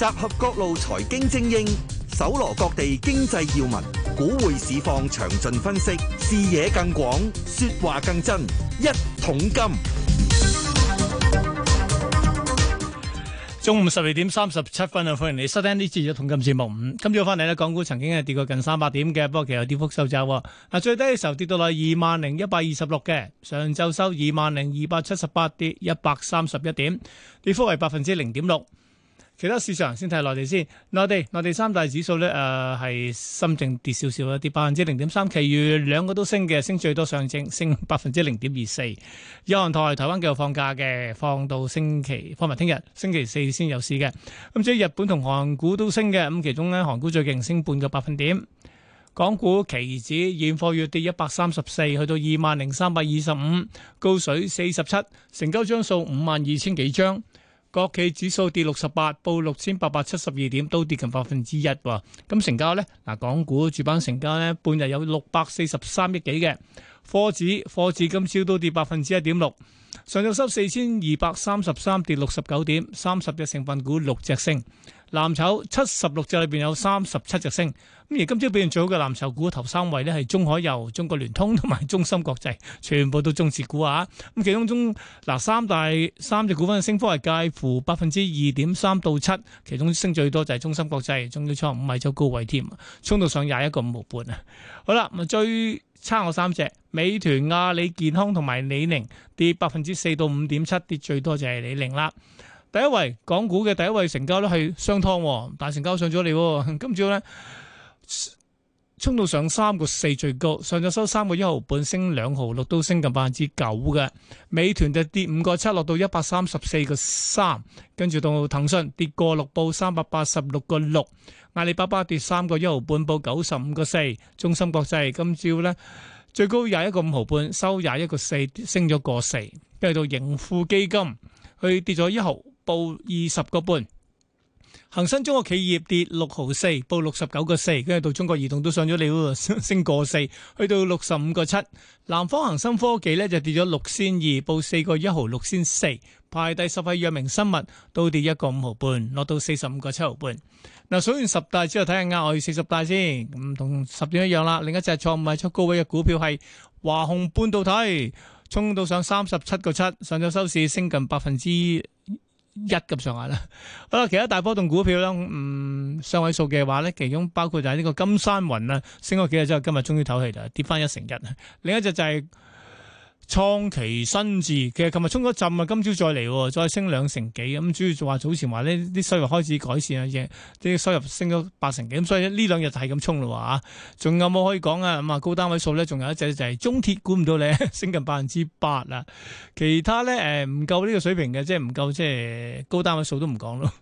集合各路財經精英，搜羅各地經濟要聞，股匯市況詳盡分析，視野更廣，說話更真。一桶金，中午十二點三十七分啊！歡迎你收聽呢節一桶金節目。今朝翻嚟咧，港股曾經係跌過近三百點嘅，不過其實跌幅收窄喎。嗱，最低嘅時候跌到落二萬零一百二十六嘅，上晝收二萬零二百七十八，跌一百三十一點，跌幅為百分之零點六。其他市場先睇內地先，內地內地三大指數咧，誒、呃、係深證跌少少啦，跌百分之零點三，其餘兩個都升嘅，升最多上證升百分之零點二四。有銀行台台灣繼續放假嘅，放到星期，放埋聽日，星期四先有市嘅。咁所以日本同韓股都升嘅，咁其中咧韓股最勁，升半個百分點。港股期指現貨月跌一百三十四，去到二萬零三百二十五，高水四十七，成交張數五萬二千幾張。國企指數跌六十八，報六千八百七十二點，都跌近百分之一。咁、啊、成交呢，嗱，港股主板成交呢，半日有六百四十三億幾嘅，科指科指今朝都跌百分之一點六。上晝收四千二百三十三，跌六十九點，三十隻成分股六隻升，藍籌七十六隻裏邊有三十七隻升。咁而今朝表現最好嘅藍籌股頭三位呢，係中海油、中國聯通同埋中芯國際，全部都中字股啊！咁其中中嗱三大三隻股份嘅升幅係介乎百分之二點三到七，其中升最多就係中芯國際，中咗創五米周高位添，衝到上廿一個五毫半啊！好啦，咁最。差我三隻，美團、阿里健康同埋李寧跌百分之四到五點七，跌最多就係李寧啦。第一位港股嘅第一位成交都係雙湯，但成交上咗嚟，今朝咧。衝到上三個四最高，上晝收三個一毫半，升兩毫六，都升近百分之九嘅。美團就跌五個七，落到一百三十四個三，跟住到騰訊跌個六報三百八十六個六，6. 6, 阿里巴巴跌三個一毫半報九十五個四，中芯國際今朝咧最高廿一個五毫半，收廿一個四，升咗個四，跟住到盈富基金佢跌咗一毫報二十個半。恒生中國企業跌六毫四，報六十九個四，跟住到中國移動都上咗料，升升過四，去到六十五個七。南方恒生科技咧就跌咗六仙二，報四個一毫六仙四，排第十位藥明生物，都跌一個五毫半，落到四十五個七毫半。嗱，數完十大之後睇下額外四十大先，唔同十點一樣啦。另一隻創唔係出高位嘅股票係華虹半導體，衝到上三十七個七，上咗收市升近百分之。一咁上下啦， 好啦，其他大波動股票啦，嗯，雙位數嘅話咧，其中包括就係呢個金山雲啊，升咗幾日之後，今日終於唞氣啦，跌翻一成一， 另一隻就係、是。創期新字，其實琴日衝咗浸啊，今朝再嚟，再升兩成幾咁，主要就話早前話呢啲收入開始改善啊，嘢啲收入升咗八成幾，咁所以呢兩日就係咁衝咯吓，仲有冇可以講啊？咁啊高單位數咧，仲有一隻就係、是、中鐵，估唔到你 升近百分之八啦，其他咧誒唔夠呢個水平嘅，即係唔夠即係高單位數都唔講咯。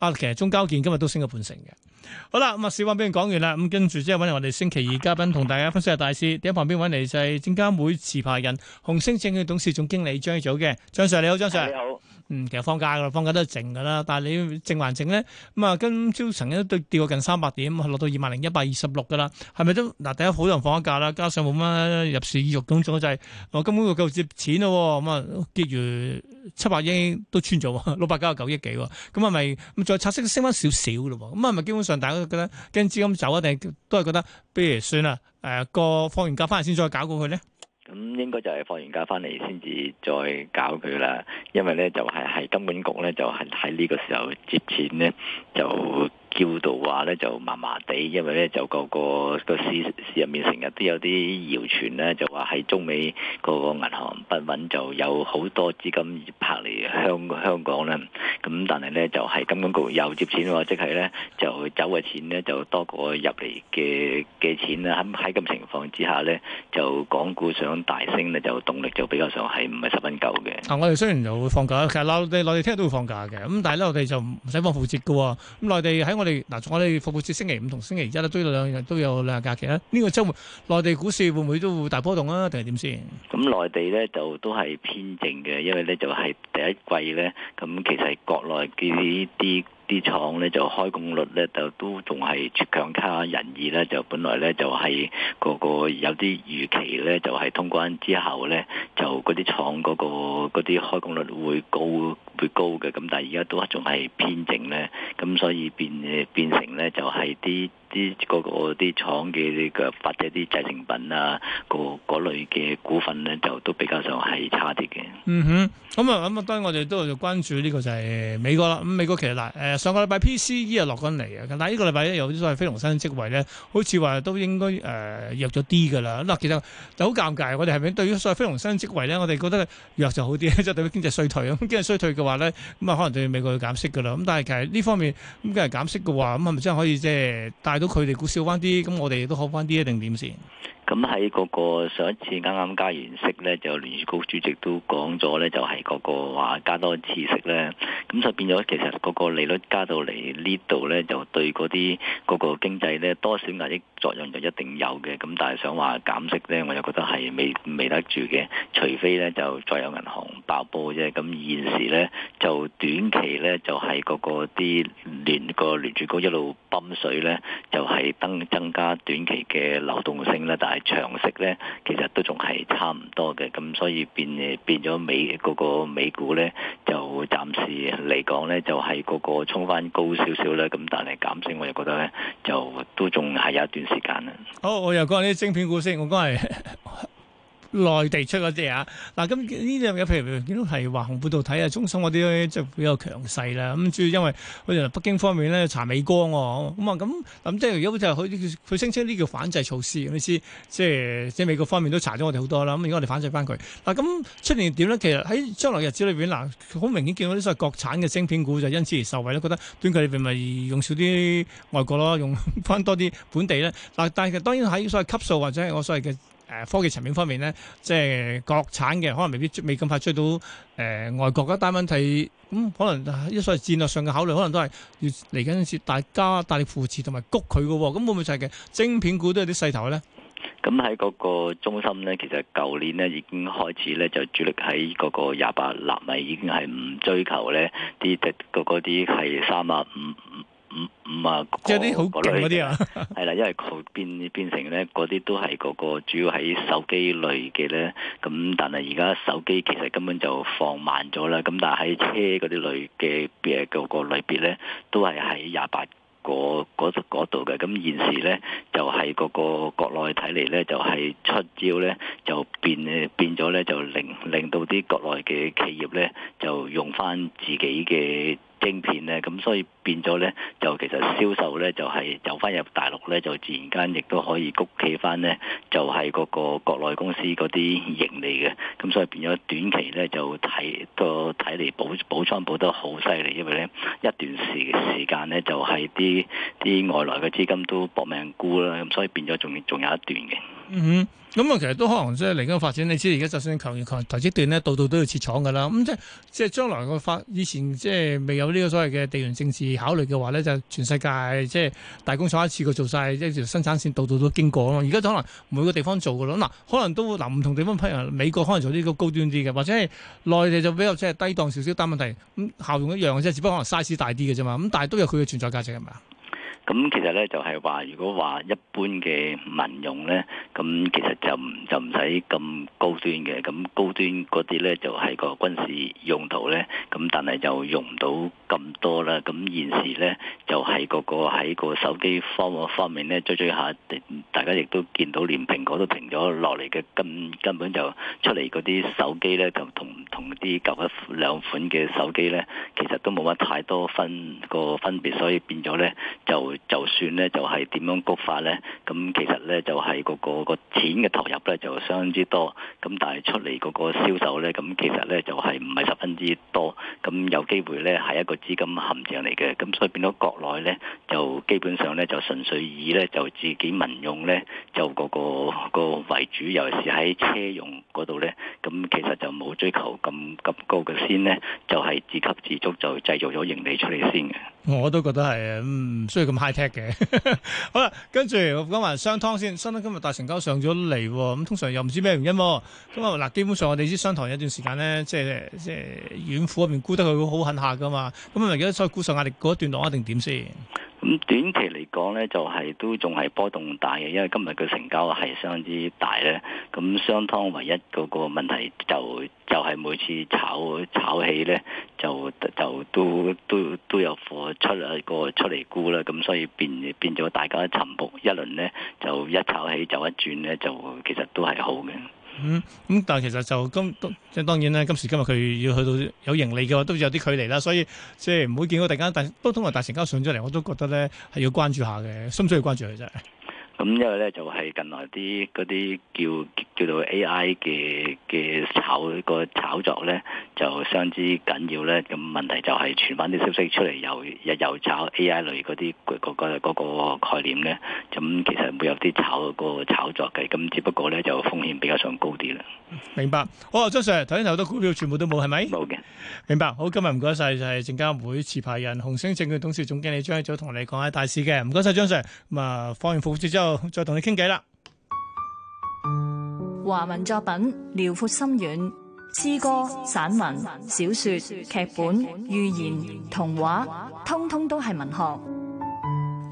啊，其實中交建今日都升咗半成嘅。好啦，咁、嗯、啊，小話俾佢講完啦。咁跟住之後揾嚟我哋星期二嘉賓同大家分析下大市點。喺旁邊揾嚟就係證監會持牌人、紅星證券董事總經理張益祖嘅張 Sir，你好，張 Sir。啊你好嗯，其實放假噶啦，放假都係剩噶啦。但係你剩還剩咧，咁、嗯、啊，今朝曾經都跌過近三百點，落到二萬零一百二十六噶啦。係咪都嗱、啊？第一好多人放咗假啦，加上冇乜入市意欲咁種，就係、是、我、哦、根本就夠接錢咯。咁、嗯、啊，結餘七百億都穿咗、嗯，六百九十九億幾。咁、嗯、啊，咪、嗯、咁再拆息升翻少少咯。咁、嗯、啊，咪、嗯嗯、基本上大家都覺得跟資金走啊，定係都係覺得不如算啦。誒、呃，個放完假翻嚟先再搞過佢咧。咁應該就係放完假翻嚟先至再搞佢啦，因為咧就係係金管局咧就係喺呢個時候接錢咧就。叫到話咧就麻麻地，因為咧就個個個市市入面成日都有啲謠傳咧，就話喺中美個個銀行不穩，就有好多資金拍嚟香香港啦。咁但係咧就係金管局又接錢喎，即係咧就走嘅錢咧就多過入嚟嘅嘅錢啦。喺喺咁情況之下咧，就港股想大升咧，就動力就比較上係唔係十分夠嘅。我哋雖然就會放假，其實內地內聽日都會放假嘅，咁但係咧我哋就唔使幫付息嘅喎。咁內地喺我。你嗱，我哋復活節星期五同星期一都兩日都有兩日假期啦。呢個周末內地股市會唔會都會大波動啊？定係點先？咁內地咧就都係偏靜嘅，因為咧就係第一季咧，咁其實國內呢啲啲廠咧就開工率咧就都仲係差強人意咧，就本來咧就係個個有啲預期咧，就係通關之後咧就嗰啲廠嗰個嗰啲開工率會高。會高嘅，咁但係而家都仲係偏靜咧，咁所以變變成咧就係啲啲個啲廠嘅呢個發嘅啲製成品啊，個嗰類嘅股份咧就都比較上係差啲嘅。嗯哼，咁啊咁啊，當然我哋都係關注呢個就係美國啦。咁、嗯、美國其實嗱，誒、呃、上個禮拜 PCE 又落緊嚟啊，但係呢個禮拜咧有啲所謂非農新職位咧，好似話都應該誒、呃、弱咗啲噶啦。咁嗱，其實就好尷尬，我哋係咪對於所謂非農新職位咧，我哋覺得弱就好啲，即係對於經濟衰退咁，經濟衰退嘅。話咧咁啊，可能對美國要減息噶啦，咁但係其實呢方面咁梗係減息嘅話，咁係咪真係可以即係帶到佢哋股市好翻啲？咁我哋都好翻啲一定點先？咁喺嗰個上一次啱啱加完息咧，就聯儲局主席都講咗咧，就係、是、嗰個話加多次息咧，咁就變咗其實嗰個利率加到嚟呢度咧，就對嗰啲嗰個經濟咧多少壓抑作用就一定有嘅。咁但係想話減息咧，我又覺得係未未得住嘅，除非咧就再有銀行爆煲啫。咁現時咧就短期咧就係嗰個啲、那個、聯個聯儲局一路泵水咧，就係、是、增增加短期嘅流動性啦。但係。常識咧，其實都仲係差唔多嘅，咁所以變誒變咗美嗰個，個美股咧，就暫時嚟講咧，就係、是、嗰個，個衝返高少少啦。咁但係減息，我就覺得咧，就都仲係有一段時間啦。好，我又講啲晶片股先，我講係。 內地出嗰啲啊，嗱咁呢樣嘢，譬如見到係華虹半導體啊，中芯嗰啲即係比較強勢啦。咁、啊、主要因為好似北京方面咧查美光喎，咁啊咁咁、啊、即係如果好似佢佢聲稱呢叫反制措施咁意思，即係即係美國方面都查咗我哋好多啦。咁、啊、我哋反制翻佢。嗱咁出年點咧？其實喺將來日子裏邊嗱，好、啊、明顯見到啲所謂國產嘅芯片股就因此而受惠啦。覺得短期裏邊咪用少啲外國咯，用翻多啲本地咧。嗱、啊，但係當然喺所謂級數或者係我所謂嘅。誒科技層面方面咧，即係國產嘅可能未必未咁快追到誒、呃、外國一單問題。咁、嗯、可能一、啊、所謂戰略上嘅考慮，可能都係嚟緊陣時大家大力扶持同埋谷佢嘅喎。咁、嗯、會唔會就係嘅晶片股都有啲勢頭咧？咁喺嗰個中心咧，其實舊年咧已經開始咧就主力喺嗰個廿八納米，已經係唔追求咧啲啲係三百五。咁啊，嗯那個、即係啲好勁嗰啲啊，係啦，因為佢變變成咧，嗰啲都係嗰個主要喺手機類嘅咧。咁但係而家手機其實根本就放慢咗啦。咁但係喺車嗰啲類嘅嘅嗰個類別咧，都係喺廿八個嗰度嘅。咁現時咧，就係、是、嗰個國內睇嚟咧，就係、是、出招咧，就變變咗咧，就令令到啲國內嘅企業咧，就用翻自己嘅。晶片咧，咁所以變咗咧，就其實銷售咧就係走翻入大陸咧，就自然間亦都可以谷企翻咧，就係、是、嗰個國內公司嗰啲盈利嘅，咁所以變咗短期咧就睇個睇嚟補補倉補得好犀利，因為咧一段時時間咧就係啲啲外來嘅資金都搏命沽啦，咁所以變咗仲仲有一段嘅。嗯哼、mm。Hmm. 咁啊、嗯，其實都可能即係嚟緊發展。你知而家就算強如強台積電咧，度度都要設廠噶啦。咁、嗯、即係即係將來個發以前即係未有呢個所謂嘅地緣政治考慮嘅話咧，就全世界即係大工廠一次過做晒，即條生產線，度度都經過啊。而家可能每個地方做噶咯。嗱、啊，可能都嗱，唔、啊、同地方，譬如美國可能做呢個高端啲嘅，或者係內地就比較即係低檔少少。但問題咁、嗯、效用一樣即係，只不過可能 size 大啲嘅啫嘛。咁但係都有佢嘅存在價值係咪啊？咁其實咧就係話，如果話一般嘅民用咧，咁其實就唔就唔使咁高端嘅。咁高端嗰啲咧就係個軍事用途咧。咁但係就用唔到咁多啦。咁現時咧就係個個喺個手機方方面咧追追下，大家亦都見到連蘋果都停咗落嚟嘅根根本就出嚟嗰啲手機咧，就同同啲舊一兩款嘅手機咧，其實都冇乜太多分個分別，所以變咗咧就。算咧就係點樣谷法咧？咁其實咧就係個個個錢嘅投入咧就相當之多，咁但係出嚟嗰個銷售咧，咁其實咧就係唔係十分之多，咁有機會咧係一個資金陷阱嚟嘅，咁所以變到國內咧就基本上咧就純粹以咧就自己民用咧就嗰個個為主，尤其是喺車用嗰度咧，咁其實。追求咁咁高嘅先咧，就係、是、自給自足，就製造咗盈利出嚟先嘅。我都覺得係唔、嗯、需要咁 high tech 嘅。 好啦，跟住我講埋商湯先。商湯今日大成交上咗嚟，咁、嗯、通常又唔知咩原因。咁啊嗱，基本上我哋知商湯有段時間咧，即係即係軟庫嗰邊沽得佢好狠下噶嘛。咁、嗯、啊，而家所以沽上壓力嗰一、那個、段落一定點先？咁短期嚟講呢，就係、是、都仲係波動大嘅，因為今日嘅成交係相當之大呢。咁雙湯唯一嗰個問題就就係、是、每次炒炒起呢，就就都都都有貨出啊個出嚟沽啦。咁所以變變咗大家沉薄，一輪呢就一炒起就一轉呢，就其實都係好嘅。嗯，咁但係其實就今，即係當然啦，今時今日佢要去到有盈利嘅話，都有啲距離啦，所以即係唔會見到大家大都通常大成交上咗嚟，我都覺得呢係要關注下嘅，需唔需要關注佢啫？咁因為咧就係近來啲嗰啲叫叫做 A.I. 嘅嘅炒個炒作咧就相之緊要咧，咁問題就係傳翻啲消息出嚟又又又炒 A.I. 類嗰啲嗰個嗰個概念咧，咁其實會有啲炒個炒作嘅，咁只不過咧就風險比較上高啲啦。明白，好啊，張 Sir，頭先好多股票全部都冇係咪？冇嘅，明白。好，今日唔該曬，就係證監會持牌人紅星證券董事總經理張益祖同你講下大市嘅。唔該曬，張 Sir。咁啊，放完附注之後，再同你傾偈啦。華文作品遼闊深遠，詩歌、散文、小說、劇本、寓言、童話，通通都係文學。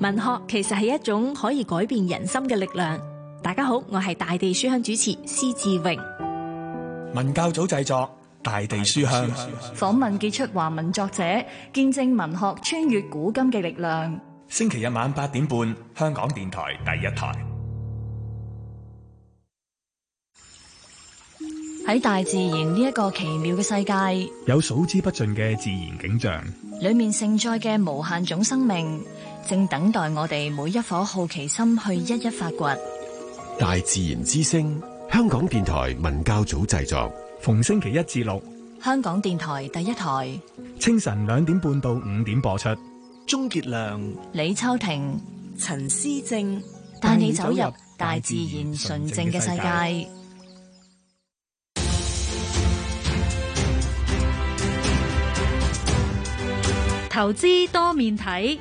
文學其實係一種可以改變人心嘅力量。大家好，我係大地書香主持施志榮。文教組製作，大地書香訪問傑出華文作者，見證文學穿越古今嘅力量。星期日晚八點半，香港電台第一台。喺大自然呢一個奇妙嘅世界，有數之不盡嘅自然景象，裏面盛載嘅無限種生命，正等待我哋每一顆好奇心去一一發掘。大自然之聲，香港電台文教組製作，逢星期一至六，香港電台第一台，清晨兩點半到五點播出。鍾杰良、李秋婷、陳思正帶你走入大自然純正嘅世界。投資多面睇。